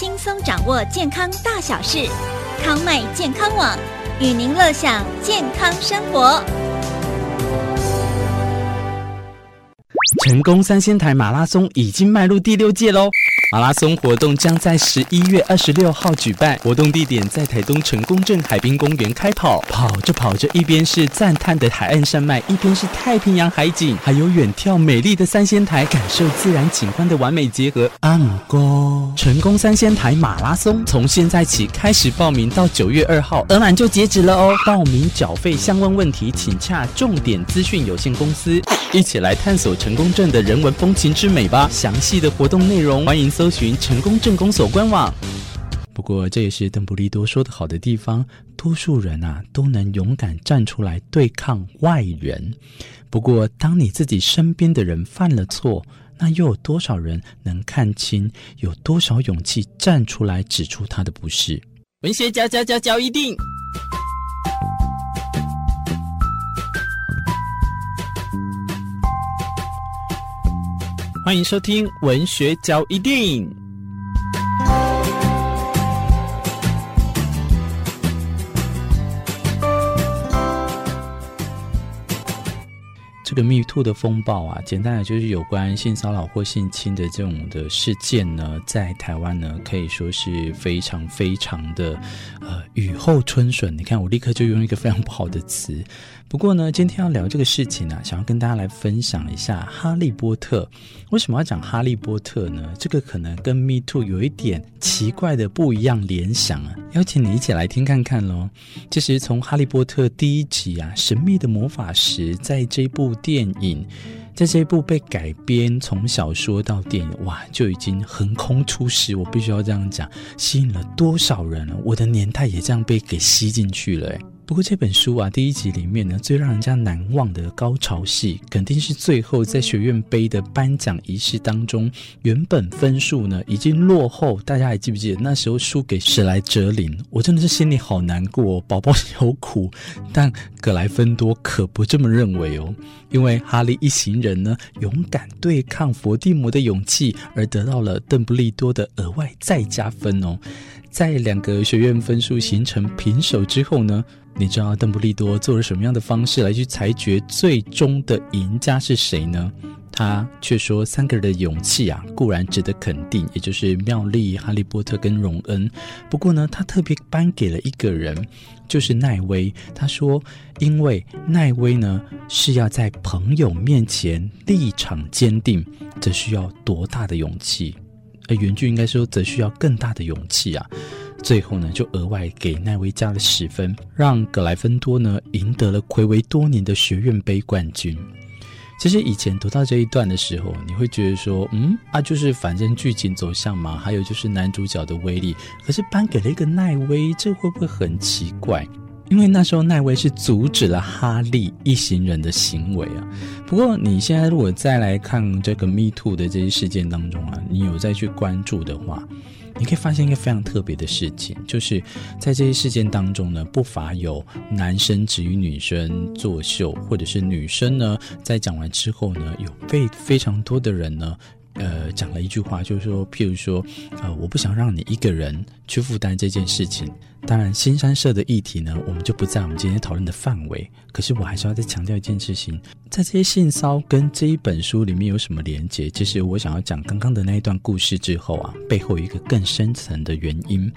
輕鬆掌握健康大小事，康邁健康網與您樂享健康生活。成功三仙台馬拉松已經邁入第六屆嘍。馬拉松活動將在十一月二十六號舉辦，活動地點在台東成功鎮海濱公園開跑。跑着跑着，一邊是讚嘆的海岸山脈，一邊是太平洋海景，還有遠眺美麗的三仙台，感受自然景觀的完美結合。阿姆哥，成功三仙台馬拉松，從現在起開始報名，到九月二號額滿就截止了哦。報名繳費，相關問題，請洽重點資訊有限公司。一起來探索成功鎮的人文風情之美吧。詳細的活動內容，歡迎。搜尋成功正公所官網。不過，這也是鄧布利多說的好的地方，多數人啊，都能勇敢站出來對抗外人。不過，當你自己身邊的人犯了錯，那又有多少人能看清，有多少勇氣站出來指出他的不是？文學家家家教，一定。歡迎收聽文學交易電影。“Me Too” 的風暴啊，簡單的就是有關性騷擾或性侵的這種的事件呢，在台灣呢可以說是非常非常的，呃，雨後春筍。你看，我立刻就用一個非常不好的詞。不過呢，今天要聊這個事情呢、啊，想要跟大家來分享一下《哈利波特》。為什麼要講《哈利波特》呢？這個可能跟 “Me Too” 有一點奇怪的不一樣聯想啊，邀請你一起來聽看看咯。其、就、實、是、從《哈利波特》第一集啊，《神秘的魔法石》在這部第。電影在這一部被改編，從小說到電影，哇，就已經橫空出世。我必須要這樣講，吸引了多少人了？我的年代也這樣被給吸進去了。不過這本書啊，第一集裡面呢，最讓人家難忘的高潮戲，肯定是最後在學院杯的頒獎儀式當中，原本分數呢已經落後，大家還記不記得那時候輸給史萊哲林？我真的是心裡好難過哦，寶寶有苦，但葛萊芬多可不這麼認為哦，因為哈利一行人呢，勇敢對抗佛地魔的勇氣，而得到了鄧布利多的額外再加分哦。在兩個學院分數形成平手之後呢，你知道鄧布利多做了什麼樣的方式來去裁決最終的贏家是誰呢？他卻說三個人的勇氣啊，固然值得肯定，也就是妙麗、哈利波特跟榮恩。不過呢，他特別頒給了一個人，就是奈威。他說，因為奈威呢是要在朋友面前立場堅定，這需要多大的勇氣？原劇應該說則需要更大的勇氣啊，最後呢就額外給奈威加了十分，讓葛萊芬多呢贏得了暌違多年的學院杯冠軍。其實以前讀到這一段的時候，你會覺得說，嗯啊，就是反正劇情走向嘛，還有就是男主角的威力，可是頒給了一個奈威，這會不會很奇怪？因為那時候奈威是阻止了哈利一行人的行為啊。不過你現在如果再來看這個 Me Too 的這些事件當中啊，你有再去關注的話，你可以發現一個非常特別的事情，就是在這些事件當中呢，不乏有男生只與女生作秀，或者是女生呢，在講完之後呢，有被非常多的人呢。呃，講了一句話，就是說，譬如說，呃，我不想讓你一個人去負擔這件事情。當然，性三社的議題呢，我們就不在我們今天討論的範圍。可是，我還是要再強調一件事情，在這些性騷跟這一本書裡面有什麼連接？其實，我想要講剛剛的那一段故事之後啊，背後一個更深層的原因。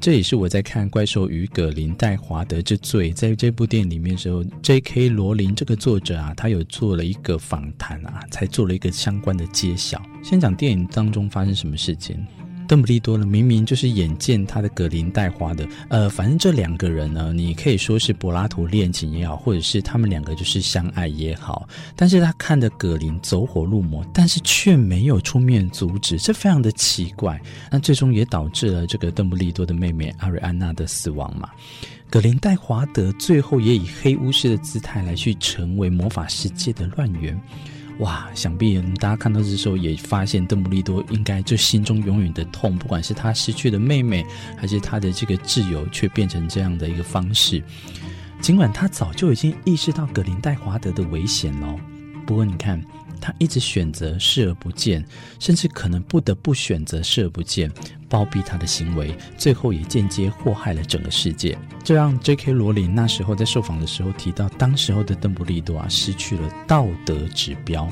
這也是我在看《怪獸與葛林戴華德之罪》在這部電影裡面的時候，J.K. 羅琳這個作者啊，他有做了一個訪談啊，才做了一個相關的揭曉。先講電影當中發生什麼事情。鄧布利多呢，明明就是眼見他的葛林戴華德，呃，反正這兩個人呢，你可以說是柏拉圖戀情也好，或者是他們兩個就是相愛也好，但是他看的葛林走火入魔，但是卻沒有出面阻止，這非常的奇怪。那最終也導致了這個鄧布利多的妹妹阿瑞安娜的死亡嘛。葛林戴華德最後也以黑巫師的姿態來去成為魔法世界的亂源。哇，想必大家看到這時候也發現，鄧布利多應該就心中永遠的痛，不管是他失去的妹妹，還是他的這個摯友，卻變成這樣的一個方式。儘管他早就已經意識到格林戴華德的危險了，不過你看。他一直選擇視而不見，甚至可能不得不選擇視而不見，包庇他的行為，最後也間接禍害了整個世界。這讓 J.K. 羅琳那時候在受訪的時候提到，當時候的鄧布利多啊失去了道德指標。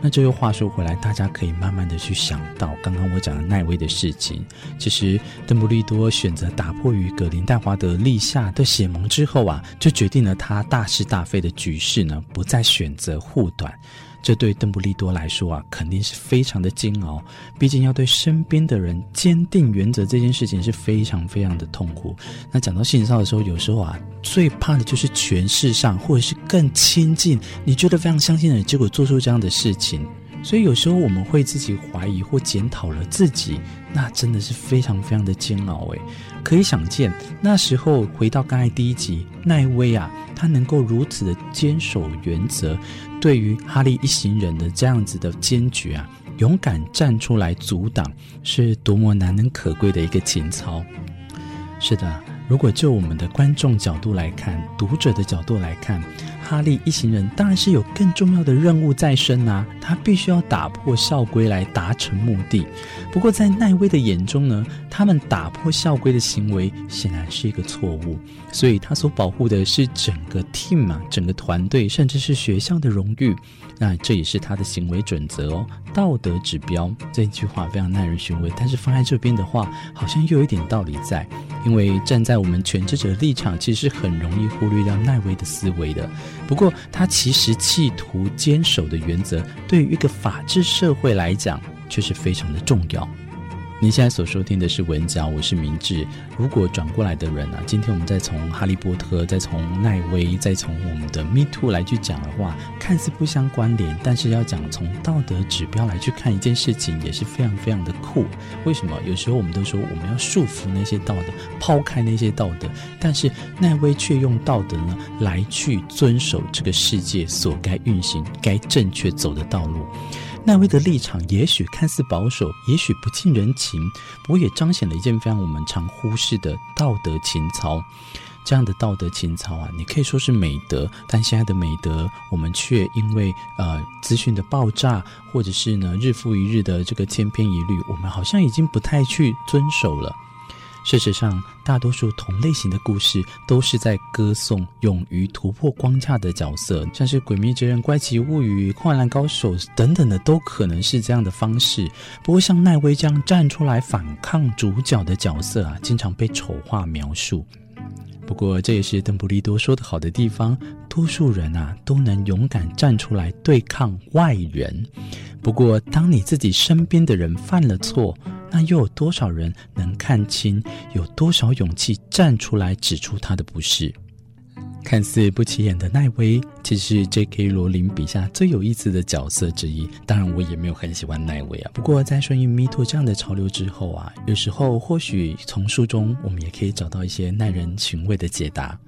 那這又話說回來，大家可以慢慢的去想到剛剛我講的奈威的事情。其實，鄧布利多選擇打破與格林戴華德立下的血盟之後啊，就決定了他大是大非的局勢呢，不再選擇護短。這對鄧布利多來說啊，肯定是非常的煎熬。畢竟要對身邊的人堅定原則這件事情是非常非常的痛苦。那講到性騷的時候，有時候啊，最怕的就是權勢上，或者是更親近你覺得非常相信的人，結果做出這樣的事情。所以有時候我們會自己懷疑或檢討了自己，那真的是非常非常的煎熬，欸。誒，可以想見那時候回到剛才第一集，奈威啊。他能夠如此的堅守原則，對於哈利一行人的這樣子的堅決啊，勇敢站出來阻擋，是多麼難能可貴的一個情操。是的，如果就我們的觀眾角度來看，讀者的角度來看。哈利一行人當然是有更重要的任務在身啊，他必須要打破校規來達成目的。不過在奈威的眼中呢，他們打破校規的行為顯然是一個錯誤，所以他所保護的是整個 team 啊，整個團隊，甚至是學校的榮譽。那這也是他的行為準則哦，道德指標。這一句話非常耐人尋味，但是放在這邊的話，好像又有一點道理在。因為站在我們全知者的立場，其實是很容易忽略掉奈威的思維的。不過，他其實企圖堅守的原則，對於一個法治社會來講，卻是非常的重要。你現在所收聽的是文嚼，我是明智。如果轉過來的人啊，今天我們再從哈利波特，再從奈威，再從我們的 Me Too 來去講的話，看似不相關聯，但是要講從道德指標來去看一件事情，也是非常非常的酷。為什麼？有時候我們都說我們要束縛那些道德，拋開那些道德，但是奈威卻用道德呢來去遵守這個世界所該運行、該正確走的道路。奈威的立場也許看似保守，也許不近人情，不過也彰顯了一件非常我們常忽視的道德情操。這樣的道德情操啊，你可以說是美德，但現在的美德，我們卻因為呃資訊的爆炸，或者是呢日復一日的這個千篇一律，我們好像已經不太去遵守了。事實上，大多數同類型的故事都是在歌頌勇於突破框架的角色，像是《鬼滅之刃》、《怪奇物語》、《灌籃高手》等等的，都可能是這樣的方式。不過像奈威這樣站出來反抗主角的角色啊，經常被醜化描述。不過，這也是鄧布利多說的好的地方：多數人啊，都能勇敢站出來對抗外人。不過，當你自己身邊的人犯了錯，那又有多少人能看清？有多少勇氣站出來指出他的不是？看似不起眼的奈威，其實 J.K. 羅琳筆下最有意思的角色之一。當然，我也沒有很喜歡奈威啊。不過，在順應 MeToo 這樣的潮流之後啊，有時候或許從書中我們也可以找到一些耐人尋味的解答。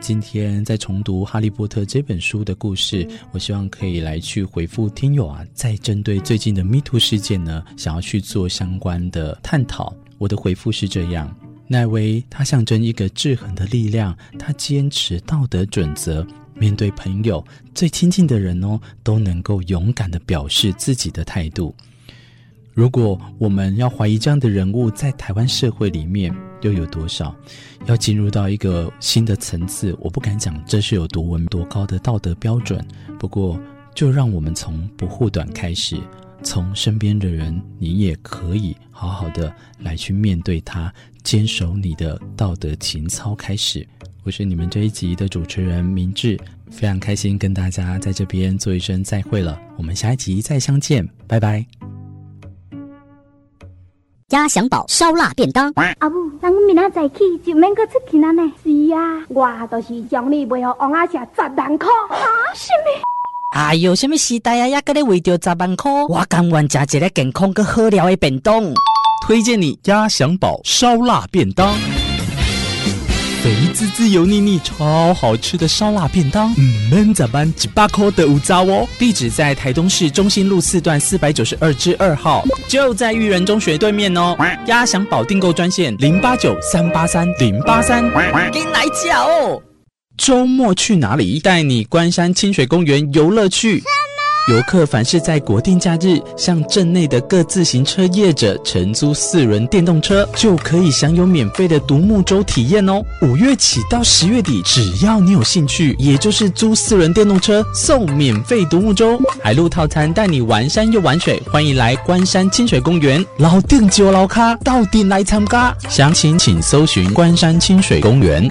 今天在重讀《哈利波特》這本書的故事，我希望可以來去回覆聽友啊，在針對最近的 MeToo 事件呢，想要去做相關的探討。我的回覆是這樣：奈威他象征一個制衡的力量，他堅持道德準則，面對朋友最親近的人哦，都能夠勇敢的表示自己的態度。如果我們要懷疑這樣的人物，在台灣社會裡面。又有多少要進入到一個新的層次？我不敢講這是有多文多高的道德標準。不過，就讓我們從不護短開始，從身邊的人，你也可以好好的來去面對他，堅守你的道德情操開始。我是你們這一集的主持人明志，非常開心跟大家在這邊做一聲再會了。我們下一集再相見，拜拜。鴨翔寶燒臘便當。阿母，咱明天早起就免去出去了呢。是啊，我都是讓你不要往下十萬塊。啊，什麼？哎、啊、呦，什麼時代啊，還跟你為着十萬塊？我甘願吃這個健康更好料的便當。推薦你鴨翔寶燒臘便當。肥滋滋、油膩膩、超好吃的燒臘便當，嗯，悶怎辦？七八顆豆腐渣哦。地址在台東市中心路四段四百九十二之二號，就在育人中學對面哦。呃、鴨翔寶訂購專線零八九三八三零八三，給你奶腳哦。週末去哪裡？帶你關山清水公園遊樂去。 遊客凡是在國定假日，向鎮內的各自行車業者承租四輪電動車，就可以享有免費的獨木舟體驗哦。五月起到十月底，只要你有興趣，也就是租四輪電動車送免費獨木舟、海陸套餐，帶你玩山又玩水。歡迎來關山親水公園，老店酒老咖，到底來參加詳情請，請搜尋關山親水公園。